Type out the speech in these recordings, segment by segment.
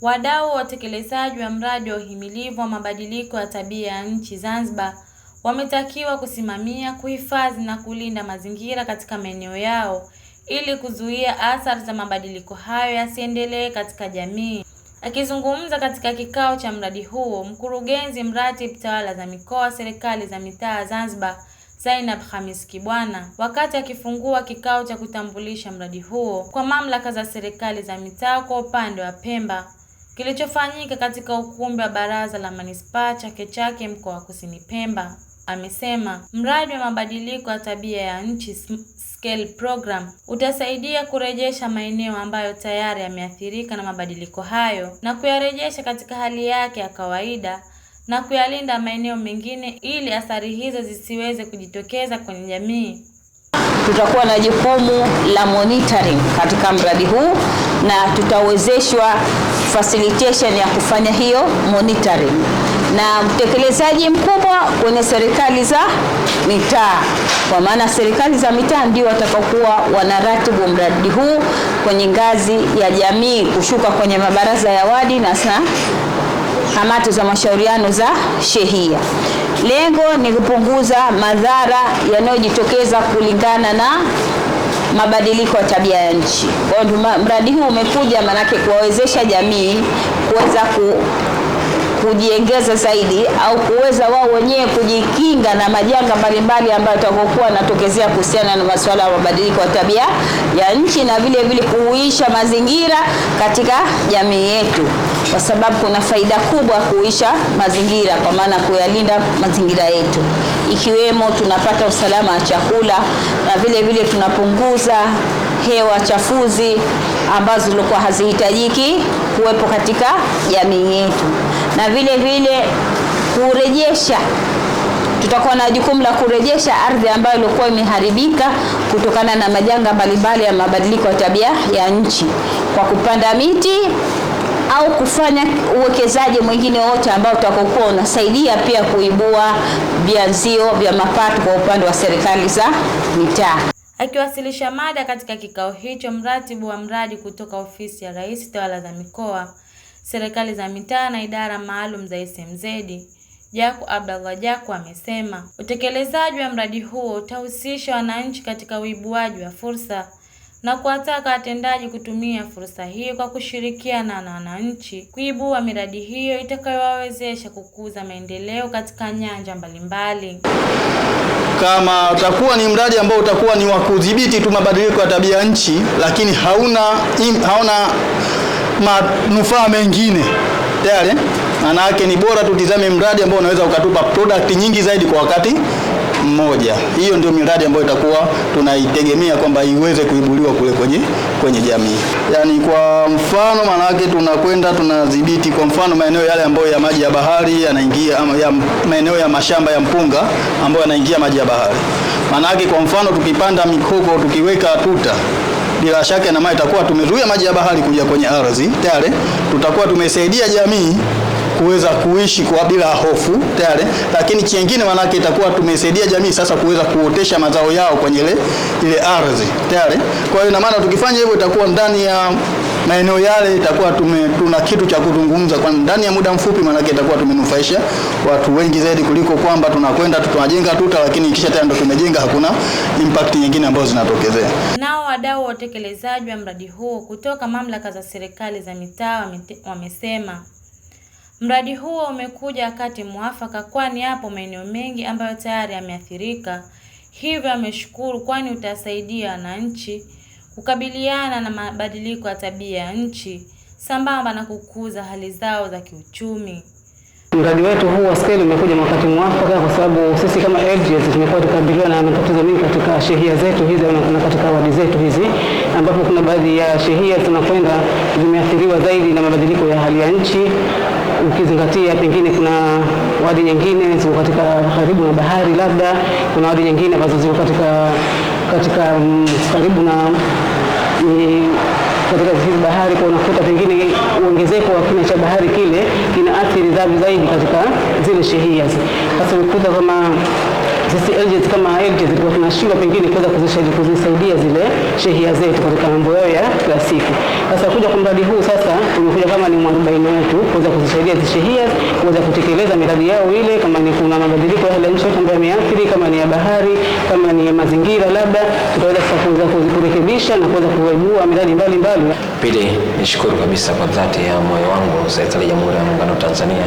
Wadau wa utekelezaji wa mradi wa uhimilivu wa mabadiliko ya tabia ya nchi Zanzibar wametakiwa kusimamia, kuhifadhi na kulinda mazingira katika maeneo yao ili kuzuia athari za mabadiliko hayo yasiendelee katika jamii. Akizungumza katika kikao cha mradi huo, mkurugenzi mratibu tawala za mikoa serikali za mitaa Zanzibar Zainab Khamis Kibwana wakati akifungua kikao cha kutambulisha mradi huo kwa mamlaka za serikali za mitaa kwa upande wa Pemba kilichofanyika katika ukumbi wa Baraza la Manispaa Chake Chake mkoa wa Kusini Pemba. Amesema mradi wa mabadiliko ya tabia ya nchi Scale Program utasaidia kurejesha maeneo ambayo tayari yameathirika na mabadiliko hayo na kuyarejesha katika hali yake ya kawaida na kuyalinda maeneo mengine ili athari hizo zisiweze kujitokeza kwenye jamii. Tutakuwa na jukumu la monitoring katika mradi huu na tutawezeshwa facilitation ya kufanya hiyo monitoring, na mtekelezaji mkubwa kwenye serikali za mitaa, kwa maana serikali za mitaa ndio watakaokuwa wanaratibu mradi huu kwenye ngazi ya jamii, kushuka kwenye mabaraza ya wadi na saa kamati za mashauriano za shehia. Lengo ni kupunguza madhara yanayojitokeza kulingana na mabadiliko ya tabia ya nchi. Kwa hiyo mradi huu umekuja maanake kuwawezesha jamii kuweza ku kujiengeza zaidi au kuweza wao wenyewe kujikinga na majanga mbalimbali ambayo yatakokuwa yanatokezea kuhusiana na masuala ya mabadiliko ya tabia ya nchi na vile vile kuhuisha mazingira katika jamii yetu kwa sababu kuna faida kubwa kuisha mazingira, kwa maana kuyalinda mazingira yetu, ikiwemo tunapata usalama wa chakula na vile vile tunapunguza hewa chafuzi ambazo zilikuwa hazihitajiki kuwepo katika jamii yetu, na vile vile kurejesha tutakuwa na jukumu la kurejesha ardhi ambayo ilikuwa imeharibika kutokana na majanga mbalimbali ya mabadiliko ya tabia ya nchi kwa kupanda miti au kufanya uwekezaji mwingine wote ambao utakokuwa unasaidia pia kuibua vianzio vya mapato kwa upande wa serikali za mitaa. Akiwasilisha mada katika kikao hicho, mratibu wa mradi kutoka ofisi ya Rais, tawala za mikoa, serikali za mitaa na idara maalum za SMZ Jaku Abdallah Jaku amesema utekelezaji wa mradi huo utahusisha wananchi katika uibuaji wa fursa na kuwataka watendaji kutumia fursa hiyo kwa kushirikiana na wananchi kuibua miradi hiyo itakayowawezesha kukuza maendeleo katika nyanja mbalimbali. Kama utakuwa ni mradi ambao utakuwa ni wa kudhibiti tu mabadiliko ya tabia nchi, lakini hauna im, hauna manufaa mengine tayari, maana yake ni bora tutizame mradi ambao unaweza ukatupa product nyingi zaidi kwa wakati mmoja. Hiyo ndio miradi ambayo itakuwa tunaitegemea kwamba iweze kuibuliwa kule kwenye kwenye jamii. Yaani kwa mfano, maanake tunakwenda tunadhibiti, kwa mfano maeneo yale ambayo ya maji ya bahari yanaingia, ya maeneo ya mashamba ya mpunga ambayo yanaingia maji ya bahari. Maanake kwa mfano, tukipanda mikoko tukiweka tuta bila shaka na maana itakuwa tumezuia maji ya bahari kuja kwenye ardhi tayari, tutakuwa tumesaidia jamii kuweza kuishi kwa bila hofu tayari, lakini kingine manake itakuwa tumesaidia jamii sasa kuweza kuotesha mazao yao kwenye ile ardhi tayari. Kwa hiyo ina maana tukifanya hivyo itakuwa ndani ya maeneo yale itakuwa tume, tuna kitu cha kuzungumza kwa ndani ya muda mfupi, maanake itakuwa tumenufaisha watu wengi zaidi kuliko kwamba tunakwenda tunajenga tuta, lakini kisha tena ndo tumejenga, hakuna impact nyingine ambazo zinatokezea. Nao wadau wa utekelezaji wa mradi huu kutoka mamlaka za serikali za mitaa wamesema Mradi huo umekuja wakati mwafaka, kwani yapo maeneo mengi ambayo tayari yameathirika, hivyo ameshukuru, kwani utasaidia wananchi kukabiliana na mabadiliko ya tabia ya nchi sambamba na kukuza hali zao za kiuchumi. Mradi wetu huu wa skeli umekuja wakati mwafaka kwa sababu sisi kama LGS tumekuwa tukabiliwa na matatizo mengi katika shehia zetu hizi na katika wadi zetu hizi, ambapo kuna baadhi ya shehia tunakwenda zimeathiriwa zaidi na mabadiliko ya hali ya nchi ukizingatia pengine kuna wadi nyingine ziko katika karibu na bahari, labda kuna wadi nyingine ambazo ziko katika katika mm, karibu na mm, katika hizi bahari, kwa unakuta pengine uongezeko wa kina cha bahari kile kinaathiri zaidi katika zile shehia. Sasa unakuta kama sisi agent kama agent tulikuwa tunashindwa pengine kuweza kuzisaidia zile shehia zetu katika mambo yao ya kila siku. Sasa kuja kwa mradi huu sasa tumekuja kama ni mwarobaini wetu kuweza kuzisaidia zile shehia kuweza kutekeleza miradi yao ile, kama ni kuna mabadiliko ya hali nchi ambayo yameathiri, kama ni ya bahari, kama ni ya mazingira, labda tutaweza sasa kuweza kurekebisha na kuweza kuibua miradi mbalimbali. Pili, nishukuru kabisa kwa dhati ya moyo wangu serikali ya Jamhuri ya Muungano wa Tanzania,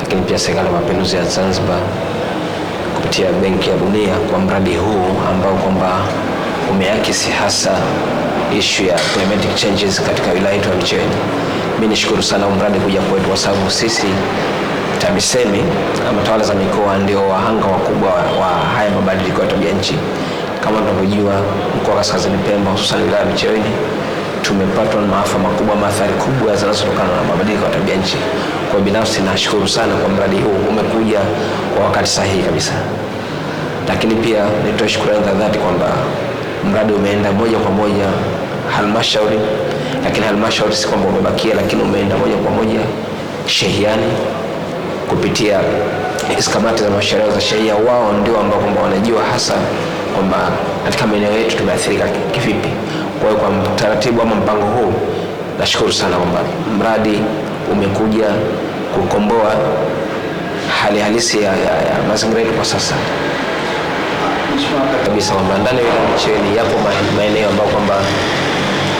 lakini pia serikali ya Mapinduzi ya Zanzibar kupitia Benki ya Dunia kwa mradi huu ambao kwamba umeakisi hasa ishu ya climatic changes katika wilaya yetu ya Micheweni. Mimi nishukuru sana mradi kuja kwetu kwa sababu sisi TAMISEMI ama tawala za mikoa ndio wahanga wakubwa wa haya mabadiliko ya tabia nchi. Kama tunavyojua, mkoa wa Kaskazini Pemba, hususan wilaya ya Micheweni, tumepatwa na maafa makubwa, maathari kubwa zinazotokana na mabadiliko ya tabia nchi kwa binafsi nashukuru sana kwa mradi huu, umekuja kwa wakati sahihi kabisa, lakini pia nitoe shukrani za dhati kwamba mradi umeenda moja kwa moja halmashauri, lakini halmashauri si kwamba umebakia, lakini umeenda moja kwa moja shehiani kupitia hizi kamati za mashauriano za sheria Wao ndio ambao kwamba wanajua hasa kwamba katika maeneo yetu tumeathirika kivipi. Kwa hiyo kwa taratibu ama mpango huu, nashukuru sana kwamba mradi umekuja kukomboa hali halisi ya, ya, ya mazingira yetu kwa sasa kabisa, kwamba ndani ya Mcheweni yapo maeneo ambayo kwamba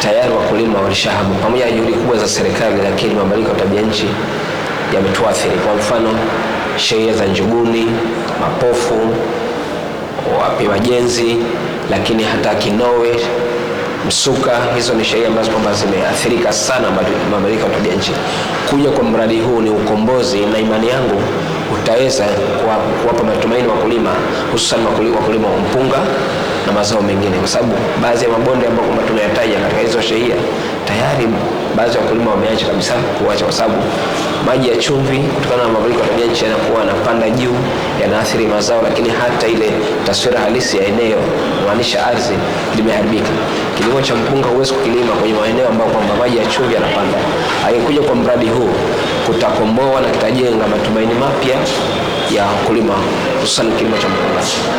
tayari wakulima walishahamu pamoja na juhudi kubwa za serikali, lakini mabadiliko ya tabia nchi yametuathiri. Kwa mfano, sheria za njuguni, mapofu, wapi majenzi lakini hata kinowe msuka. Hizo ni sheria ambazo kwamba zimeathirika sana mabadiliko ya tabia nchi. Kuja kwa mradi huu ni ukombozi, na imani yangu utaweza kuwapa matumaini wakulima, hususan wakulima wa mpunga na mazao mengine, kwa sababu baadhi ya mabonde ambayo kwamba tunayataja katika hizo shehia tayari baadhi ya wakulima wameacha kabisa kuacha, kwa sababu maji ya chumvi kutokana na mabadiliko ya tabia nchi yanakuwa yanapanda juu, yanaathiri mazao, lakini hata ile taswira halisi ya eneo maanisha ardhi limeharibika. Kilimo cha mpunga huwezi kukilima kwenye maeneo ambayo kwamba maji ya chumvi yanapanda. Akikuja kwa mradi huu kutakomboa na kitajenga matumaini mapya ya wakulima, hususan kilimo cha mpunga.